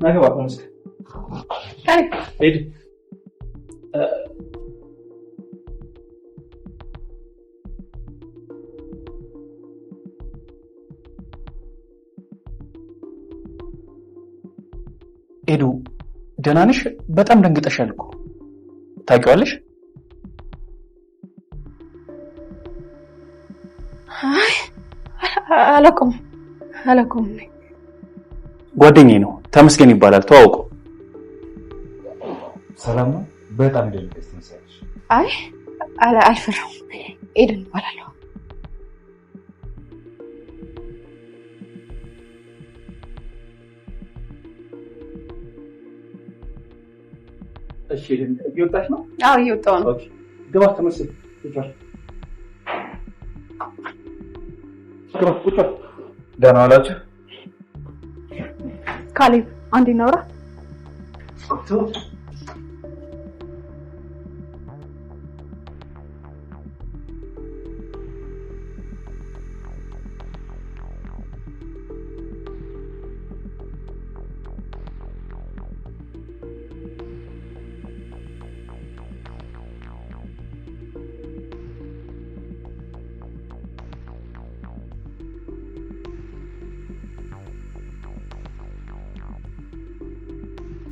Na chyba pomysł. Hej! Hej. ኤዱ ደህና ነሽ? በጣም ደንግጠሻል እኮ ታውቂዋለሽ? አይ አላውቀውም አላውቀውም። ጓደኛዬ ነው ተመስገን ይባላል። ተዋውቀው። ሰላም ነው። በጣም ደንቀስ ተመሳይሽ። አይ አላ አልፈራሁም። ኤደን ይባላለሁ። እሺ፣ እየወጣሽ ነው? አዎ እየወጣሁ ነው። ግባ ተመስገን ይባል ደህና ዋላችሁ? ካሌብ አንዴ እናውራ።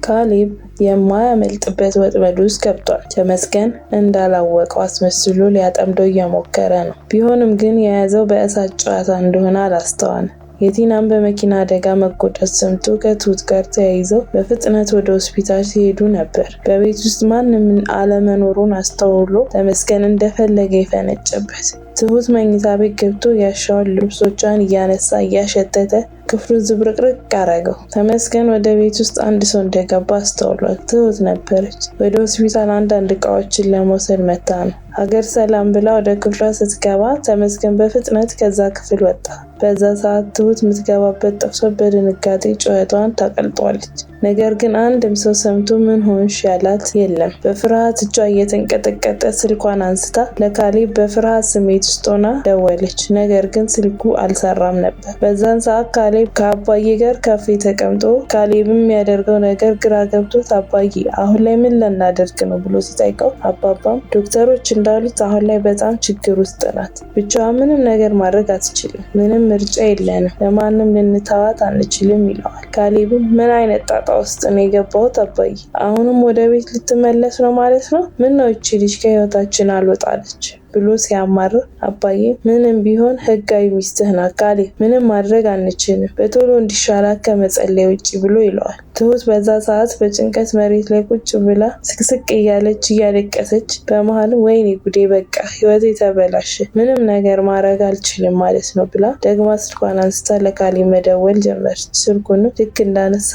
ካሌብ የማያመልጥበት ወጥመድ ውስጥ ገብቷል። ተመስገን እንዳላወቀው አስመስሎ ሊያጠምደው እየሞከረ ነው። ቢሆንም ግን የያዘው በእሳት ጨዋታ እንደሆነ አላስተዋለ። የቲናም በመኪና አደጋ መጎዳት ሰምቶ ከትሁት ጋር ተያይዘው በፍጥነት ወደ ሆስፒታል ሲሄዱ ነበር። በቤት ውስጥ ማንም አለመኖሩን አስተውሎ ተመስገን እንደፈለገ የፈነጨበት። ትሁት መኝታ ቤት ገብቶ ያሻውን ልብሶቿን እያነሳ እያሸተተ ክፍሉ ዝብርቅርቅ አረገው። ተመስገን ወደ ቤት ውስጥ አንድ ሰው እንደገባ አስተውሏል። ትሁት ነበረች። ወደ ሆስፒታል አንዳንድ እቃዎችን ለመውሰድ መታ ነው። ሀገር ሰላም ብላ ወደ ክፍሏ ስትገባ ተመስገን በፍጥነት ከዛ ክፍል ወጣ። በዛ ሰዓት ትሁት የምትገባበት ጠፍቶ በድንጋጤ ጩኸቷን ታቀልጧለች። ነገር ግን አንድም ሰው ሰምቶ ምን ሆንሽ ያላት የለም። በፍርሃት እጇ እየተንቀጠቀጠ ስልኳን አንስታ ለካሌብ በፍርሃት ስሜት ውስጥ ሆና ደወለች። ነገር ግን ስልኩ አልሰራም ነበር። በዛን ሰዓት ካሌብ ካሌብ ከአባዬ ጋር ካፌ ተቀምጦ ካሌብ የሚያደርገው ነገር ግራ ገብቶት አባዬ አሁን ላይ ምን ልናደርግ ነው ብሎ ሲጠይቀው አባባም ዶክተሮች እንዳሉት አሁን ላይ በጣም ችግር ውስጥ ናት። ብቻዋ ምንም ነገር ማድረግ አትችልም። ምንም ምርጫ የለንም። ለማንም ልንተዋት አንችልም ይለዋል። ካሌብም ምን አይነት ጣጣ ውስጥ ነው የገባሁት አባዬ? አሁንም ወደ ቤት ልትመለስ ነው ማለት ነው? ምን ነው እቺ ልጅ ከህይወታችን አልወጣለች? ብሎ ሲያማርር አባዬ ምንም ቢሆን ህጋዊ ሚስትህ ናት ካሌ ምንም ማድረግ አንችልም በቶሎ እንዲሻላት ከመጸለይ ውጭ ብሎ ይለዋል። ትሁት በዛ ሰዓት በጭንቀት መሬት ላይ ቁጭ ብላ ስቅስቅ እያለች እያለቀሰች በመሃል ወይኔ ጉዴ በቃ ህይወት የተበላሸ ምንም ነገር ማድረግ አልችልም ማለት ነው ብላ ደግማ ስልኳን አንስታ ለካሌ መደወል ጀመረች። ስልኩንም ልክ እንዳነሳ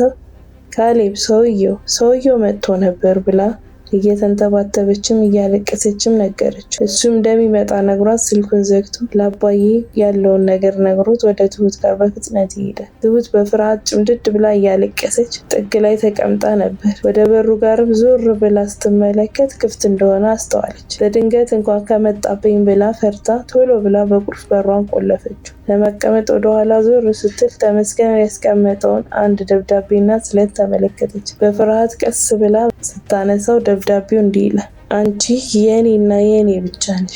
ካሌብ ሰውየው ሰውየው መጥቶ ነበር ብላ እየተንተባተበችም እያለቀሰችም ነገረችው። እሱም እንደሚመጣ ነግሯት ስልኩን ዘግቶ ለአባዬ ያለውን ነገር ነግሮት ወደ ትሁት ጋር በፍጥነት ይሄዳል። ትሁት በፍርሃት ጭምድድ ብላ እያለቀሰች ጥግ ላይ ተቀምጣ ነበር። ወደ በሩ ጋርም ዞር ብላ ስትመለከት ክፍት እንደሆነ አስተዋለች። በድንገት እንኳን ከመጣብኝ ብላ ፈርታ ቶሎ ብላ በቁልፍ በሯን ቆለፈችው። ለመቀመጥ ወደኋላ ዞር ስትል ተመስገን ያስቀመጠውን አንድ ደብዳቤና ስለት ተመለከተች። በፍርሃት ቀስ ብላ ስታነሳው ደብዳቤው እንዲህ ይላል። አንቺ የኔ እና የኔ ብቻ ነሽ፣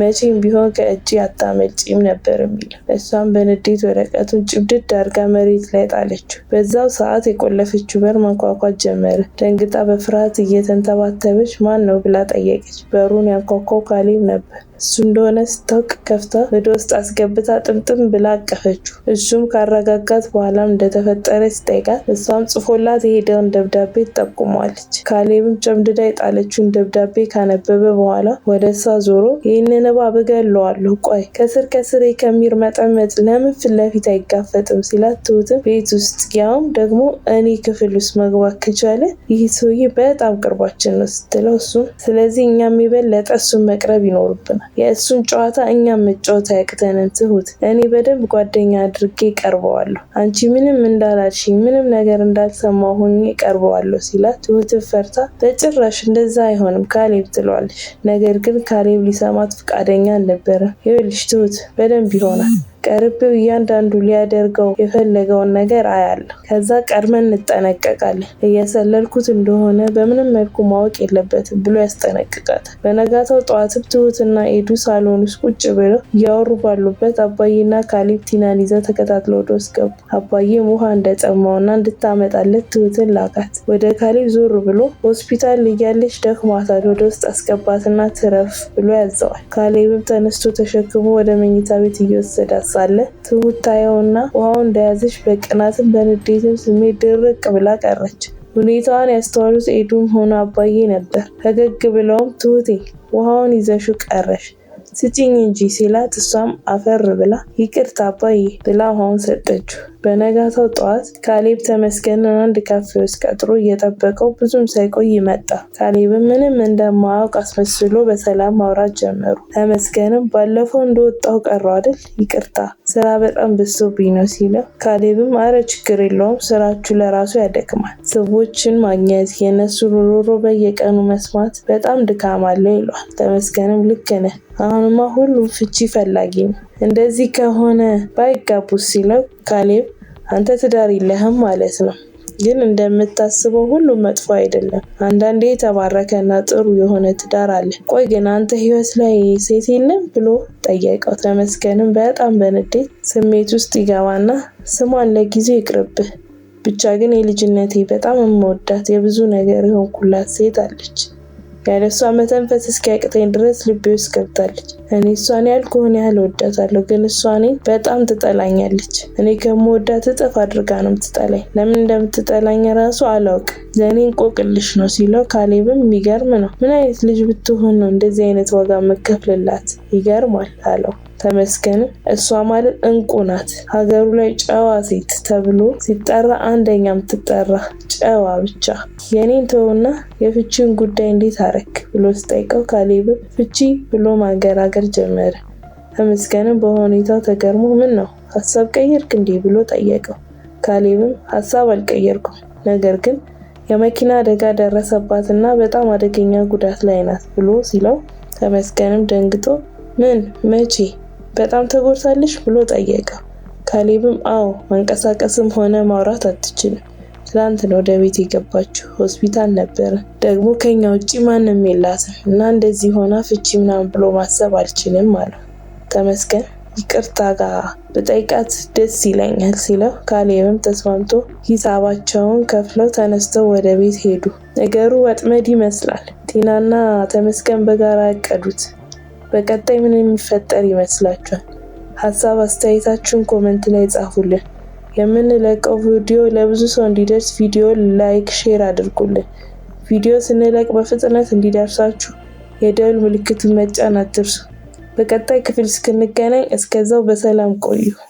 መቼም ቢሆን ከእጅ አታመልጪም ነበር የሚለው። እሷም በንዴት ወረቀቱን ጭብድድ አድርጋ መሬት ላይ ጣለችው። በዛው ሰዓት የቆለፈችው በር ማንኳኳት ጀመረ። ደንግጣ በፍርሃት እየተንተባተበች ማን ነው ብላ ጠየቀች። በሩን ያንኳኳው ካሌብ ነበር። እሱ እንደሆነ ስታውቅ ከፍታ ወደ ውስጥ አስገብታ ጥምጥም ብላ አቀፈችው። እሱም ካረጋጋት በኋላም እንደተፈጠረ ሲጠይቃት እሷም ጽፎላት የሄደውን ደብዳቤ ትጠቁመዋለች። ካሌብም ጨምድዳ የጣለችውን ደብዳቤ ካነበበ በኋላ ወደ እሷ ዞሮ ይህንን እባብ እገለዋለሁ፣ ቆይ ከስር ከስሬ መጠመጥ ለምን ፊት ለፊት አይጋፈጥም? ሲላት ትሁትም ቤት ውስጥ ያውም ደግሞ እኔ ክፍል ውስጥ መግባት ከቻለ ይህ ሰውዬ በጣም ቅርባችን ነው ስትለው እሱም ስለዚህ እኛም የበለጠ እሱን መቅረብ ይኖርብናል የእሱን ጨዋታ እኛም መጫወት አያቅተንም። ትሁት እኔ በደንብ ጓደኛ አድርጌ ቀርበዋለሁ። አንቺ ምንም እንዳላልሽ ምንም ነገር እንዳልሰማ ሆኜ ቀርበዋለሁ ሲላት ትሁት ፈርታ በጭራሽ እንደዛ አይሆንም ካሌብ ትለዋለች። ነገር ግን ካሌብ ሊሰማት ፈቃደኛ አልነበረም። ይኸውልሽ ትሁት በደንብ ይሆናል ቀርቤው እያንዳንዱ ሊያደርገው የፈለገውን ነገር አያለሁ። ከዛ ቀድመን እንጠነቀቃለን። እየሰለልኩት እንደሆነ በምንም መልኩ ማወቅ የለበትም ብሎ ያስጠነቅቃታል። በነጋታው ጠዋትም ትሁትና ኤዱ ሳሎን ውስጥ ቁጭ ብለው እያወሩ ባሉበት አባዬና ካሌብ ቲናን ይዘው ተከታትለው ወደ ውስጥ ገቡ። አባዬም ውሃ እንደጠማውና እንድታመጣለት ትሁትን ላካት። ወደ ካሌብ ዞር ብሎ ሆስፒታል እያለች ደክማታል፣ ወደ ውስጥ አስገባትና ትረፍ ብሎ ያዘዋል። ካሌብም ተነስቶ ተሸክሞ ወደ መኝታ ቤት እየወሰዳት አለ። ትሁት ታየውና ውሃው እንደያዘች በቅናትም በንዴትም ስሜት ድርቅ ብላ ቀረች። ሁኔታዋን ያስተዋሉት ኤዱም ሆኖ አባዬ ነበር። ፈገግ ብለውም ትሁቴ ውሃውን ይዘሹ ቀረሽ ስጭኝ እንጂ ሲላት እሷም አፈር ብላ ይቅርታ አባዬ ብላ ውሃውን ሰጠችው። በነጋታው ጠዋት ካሌብ ተመስገንን አንድ ካፌ ውስጥ ቀጥሮ እየጠበቀው ብዙም ሳይቆይ መጣ። ካሌብም ምንም እንደማያውቅ አስመስሎ በሰላም ማውራት ጀመሩ። ተመስገንም ባለፈው እንደወጣው ቀረ አይደል? ይቅርታ ስራ በጣም ብሶብኝ ነው ሲለው፣ ካሌብም አረ ችግር የለውም ስራችሁ ለራሱ ያደክማል። ሰዎችን ማግኘት የእነሱ ሮሮ በየቀኑ መስማት በጣም ድካም አለው ይለዋል። ተመስገንም ልክ ነህ፣ አሁንማ ሁሉም ፍቺ ፈላጊ ነው። እንደዚህ ከሆነ ባይጋቡ ሲለው ካሌብ አንተ ትዳር የለህም ማለት ነው። ግን እንደምታስበው ሁሉም መጥፎ አይደለም። አንዳንዴ የተባረከ እና ጥሩ የሆነ ትዳር አለ። ቆይ ግን አንተ ህይወት ላይ ሴት የለም ብሎ ጠየቀው። ተመስገንም በጣም በንዴት ስሜት ውስጥ ይገባና ስሟን ለጊዜው ይቅርብህ፣ ብቻ ግን የልጅነቴ በጣም የምወዳት የብዙ ነገር የሆንኩላት ሴት አለች ያለሷ መተንፈስ እስኪያቅተኝ ድረስ ልቤ ውስጥ ገብታለች። እኔ እሷን ያልኩህን ያህል ወዳታለሁ፣ ግን እሷ እኔን በጣም ትጠላኛለች። እኔ ከምወዳት እጥፍ አድርጋ ነው ምትጠላኝ። ለምን እንደምትጠላኝ ራሱ አላውቅም። ለእኔ እንቆቅልሽ ነው ሲለው ካሌብም የሚገርም ነው። ምን አይነት ልጅ ብትሆን ነው እንደዚህ አይነት ዋጋ መከፍልላት? ይገርማል አለው። ተመስገንም እሷ ማለት እንቁ ናት። ሀገሩ ላይ ጨዋ ሴት ተብሎ ሲጠራ አንደኛ ትጠራ ጨዋ ብቻ። የኔን ተውና የፍቺን ጉዳይ እንዴት አረክ ብሎ ስጠይቀው ካሌብም ፍቺ ብሎ ማገራገር ጀመረ። ተመስገንም በሁኔታው ተገርሞ ምን ነው ሀሳብ ቀየርክ እንዴ ብሎ ጠየቀው። ካሌብም ሀሳብ አልቀየርኩም፣ ነገር ግን የመኪና አደጋ ደረሰባትና በጣም አደገኛ ጉዳት ላይ ናት ብሎ ሲለው ተመስገንም ደንግጦ ምን መቼ በጣም ተጎድታለች ብሎ ጠየቀ። ካሌብም አዎ መንቀሳቀስም ሆነ ማውራት አትችልም። ትላንት ነው ወደ ቤት የገባችው፣ ሆስፒታል ነበረ። ደግሞ ከኛ ውጭ ማንም የላትም እና እንደዚህ ሆና ፍቺ ምናምን ብሎ ማሰብ አልችልም አለው። ተመስገን ይቅርታ ጋር በጠይቃት ደስ ይለኛል ሲለው ካሌብም ተስማምቶ ሂሳባቸውን ከፍለው ተነስተው ወደ ቤት ሄዱ። ነገሩ ወጥመድ ይመስላል። ቲናና ተመስገን በጋራ ያቀዱት በቀጣይ ምን የሚፈጠር ይመስላችኋል? ሀሳብ አስተያየታችሁን ኮመንት ላይ ጻፉልን። የምንለቀው ቪዲዮ ለብዙ ሰው እንዲደርስ ቪዲዮ ላይክ፣ ሼር አድርጉልን። ቪዲዮ ስንለቅ በፍጥነት እንዲደርሳችሁ የደውል ምልክቱን መጫን አትርሱ። በቀጣይ ክፍል እስክንገናኝ እስከዛው በሰላም ቆዩ።